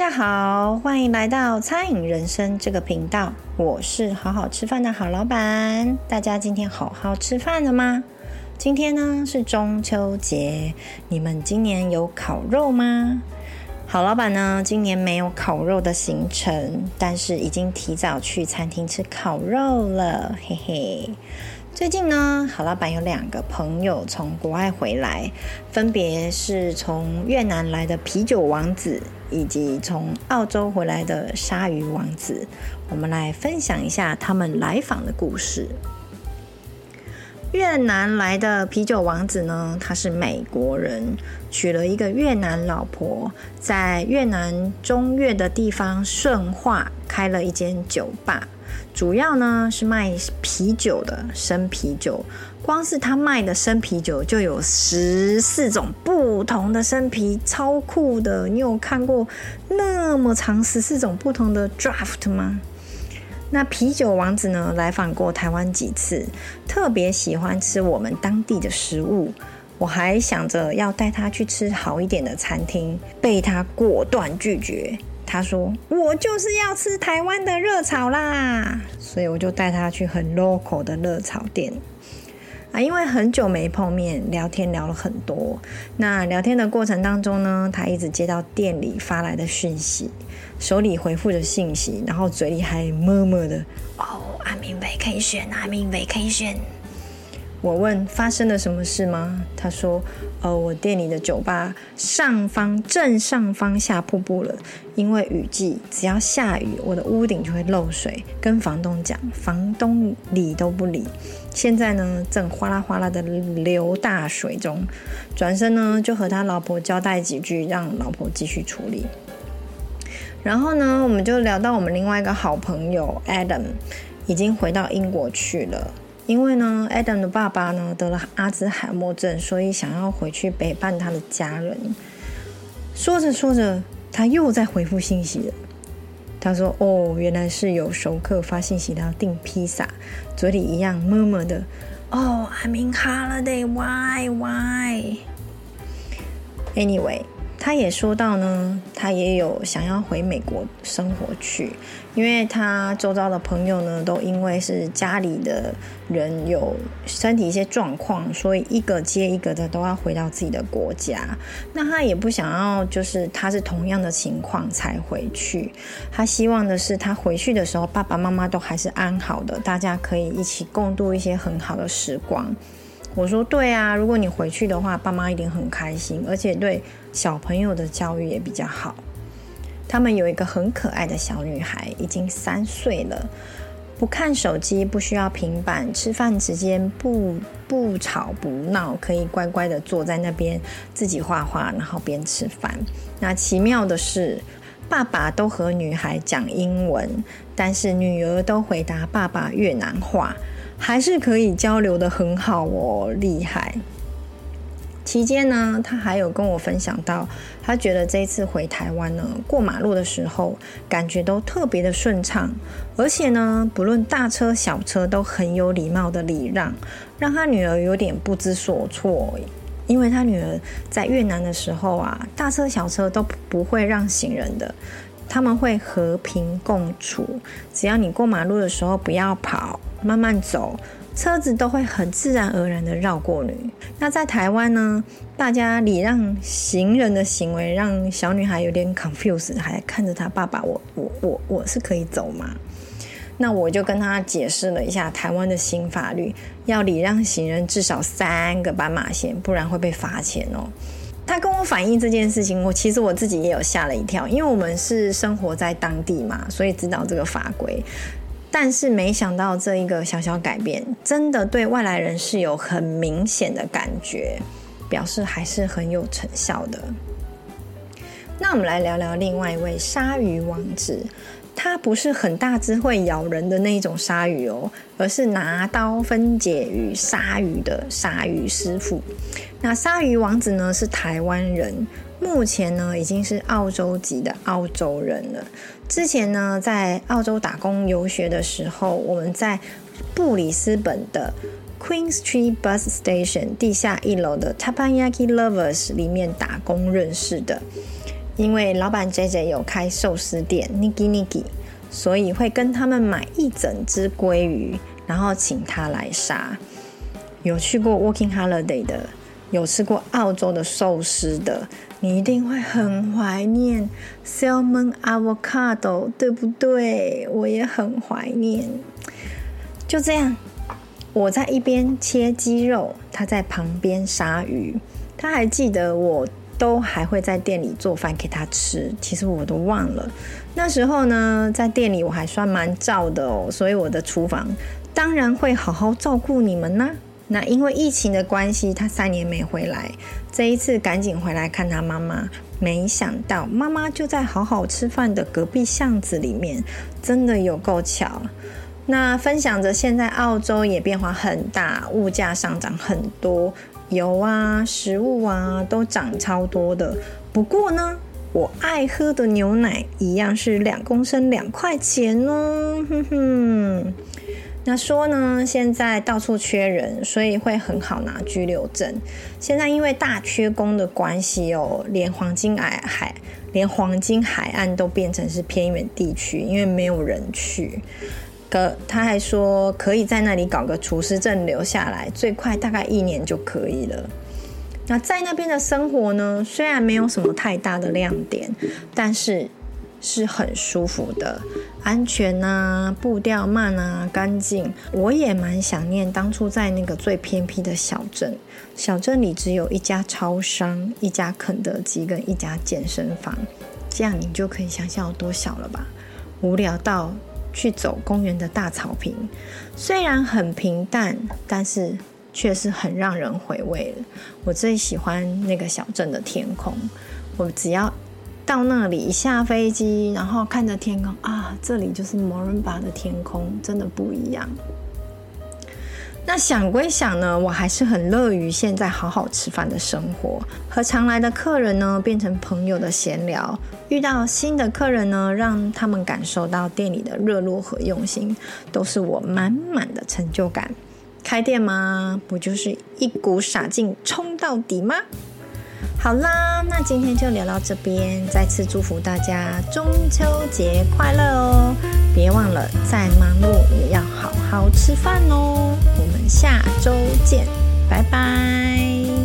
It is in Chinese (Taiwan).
大家好，歡迎來到餐飲人生這個頻道，我是好好吃飯的好老板。大家今天好好吃飯了嗎？今天呢是中秋節，你們今年有烤肉嗎？好老板呢，今年沒有烤肉的行程，但是已經提早去餐廳吃烤肉了，嘿嘿。最近呢，郝老闆有兩個朋友從國外回來，分別是從越南來的啤酒王子，以及從澳洲回來的鯊魚王子。我們來分享一下他們來訪的故事。越南來的啤酒王子呢，他是美國人，娶了一個越南老婆，在越南中越的地方順化開了一間酒吧，主要呢是賣啤酒的生啤酒。光是他賣的生啤酒就有十四種不同的生啤，超酷的！你有看過那麼長十四種不同的 draft 嗎？那啤酒王子呢，來訪過台灣幾次，特別喜歡吃我們當地的食物。我還想着要帶他去吃好一點的餐廳，被他果斷拒絕。他說：“我就是要吃台灣的熱炒啦！”所以我就帶他去很 local 的熱炒店。啊，因為很久沒碰面，聊天聊了很多。那聊天的過程當中呢，他一直接到店裡發來的訊息，手裡回復着信息，然後嘴裡還默默的哦，I'm in vacation，I'm in vacation。我問發生了什麼事嗎？他說：“呃、哦，我店裡的酒吧上方正上方下瀑布了，因為雨季只要下雨，我的屋頂就會漏水。跟房東講，房東理都不理。現在呢，正嘩啦嘩啦的流大水中。轉身呢，就和他老婆交代幾句，讓老婆繼續處理。然後呢，我們就聊到我們另外一個好朋友 Adam 已經回到英國去了。”因為呢，Adam 的爸爸呢，得了阿茲海默症，所以想要回去陪伴他的家人。說着說着，他又在回復信息了。他說：“哦，原來是有熟客發信息，然後訂披薩，嘴裡一樣麼麼的。Oh, ”哦，I'm in holiday，why，why？Anyway。他也說到呢，他也有想要回美國生活去，因為他周遭的朋友呢，都因為是家裡的人有身體一些狀況，所以一個接一個的都要回到自己的國家。那他也不想要，就是他是同樣的情況才回去。他希望的是，他回去的時候爸爸媽媽都還是安好的，大家可以一起共度一些很好的時光。我說對啊，如果你回去的話，爸媽一定很開心，而且對小朋友的教育也比較好。他們有一個很可愛的小女孩，已經三歲了，不看手機，不需要平板，吃飯時間不不吵不鬧，可以乖乖的坐在那邊自己畫畫，然後邊吃飯。那奇妙的是，爸爸都和女孩講英文，但是女兒都回答爸爸越南話。還是可以交流的很好哦，厲害。期間呢，他還有跟我分享到，他覺得這次回台灣呢，過馬路的時候感覺都特別的順暢，而且呢，不論大車小車都很有禮貌的禮讓，讓他女兒有點不知所措，因為他女兒在越南的時候啊，大車小車都不會讓行人的，他們會和平共處，只要你過馬路的時候不要跑，慢慢走，車子都會很自然而然的繞過你。那在台灣呢，大家禮讓行人的行為讓小女孩有點 confused，還看着她爸爸：“我、我、我、我是可以走嗎？”那我就跟她解釋了一下台灣的新法律，要禮讓行人至少三個斑馬線，不然會被罰錢哦、喔。她跟我反映這件事情，我其實我自己也有嚇了一跳，因為我們是生活在當地嘛，所以知道這個法規。但是沒想到這一個小小改變，真的對外來人是有很明顯的感覺，表示還是很有成效的。那我們來聊聊另外一位鯊魚王子，他不是很大只會咬人的那一種鯊魚哦，而是拿刀分解魚鯊魚的鯊魚師傅。那鯊魚王子呢是台灣人。目前呢，已經是澳洲籍的澳洲人了。之前呢，在澳洲打工遊學的時候，我們在布里斯本的 Queen Street Bus Station 地下一樓的 Tapanyaki Lovers 裡面打工認識的。因為老板 JJ 有開壽司店 Niki Niki 所以會跟他們買一整隻鮭魚，然後請他來殺。有去過 Working Holiday 的。有吃過澳洲的壽司的，你一定會很懷念 Salmon avocado，對不對？我也很懷念。就這樣，我在一邊切雞肉，他在旁邊殺魚。他還記得我都還會在店裡做飯給他吃，其實我都忘了。那時候呢，在店裡我還算蠻照的哦，所以我的廚房當然會好好照顧你們呢啊。那因為疫情的關係，他三年沒回來，這一次趕緊回來看他媽媽。沒想到媽媽就在好好吃飯的隔壁巷子裡面，真的有夠巧。那分享着，現在澳洲也變化很大，物價上漲很多，油啊、食物啊都漲超多的。不過呢，我愛喝的牛奶一樣是兩公升兩塊錢哦，哼哼。那說呢，現在到處缺人，所以會很好拿居留證。現在因為大缺工的關係，哦，連黃金海，連黃金海岸都變成是偏遠地區，因為沒有人去。可他還說，可以在那裡搞個廚師證留下來，最快大概一年就可以了。那在那邊的生活呢，雖然沒有什麼太大的亮點，但是是很舒服的。安全吶、啊，步調慢啊，乾淨。我也蠻想念當初在那個最偏僻的小鎮，小鎮裡只有一家超商、一家肯德基跟一家健身房，這樣你就可以想象有多小了吧。無聊到去走公園的大草坪，雖然很平淡，但是卻是很讓人回味的。我最喜歡那個小鎮的天空，我只要。到那裡下飛機，然後看着天空啊，這裡就是摩人巴的天空，真的不一樣。那想歸想呢，我還是很樂於現在好好吃飯的生活，和常來的客人呢變成朋友的閒聊，遇到新的客人呢，讓他們感受到店裡的熱絡和用心，都是我滿滿的成就感。開店嗎？不就是一股傻勁衝到底嗎？好啦，那今天就聊到這邊。再次祝福大家中秋節快樂哦！別忘了再忙碌也要好好吃飯哦。我們下周見，拜拜。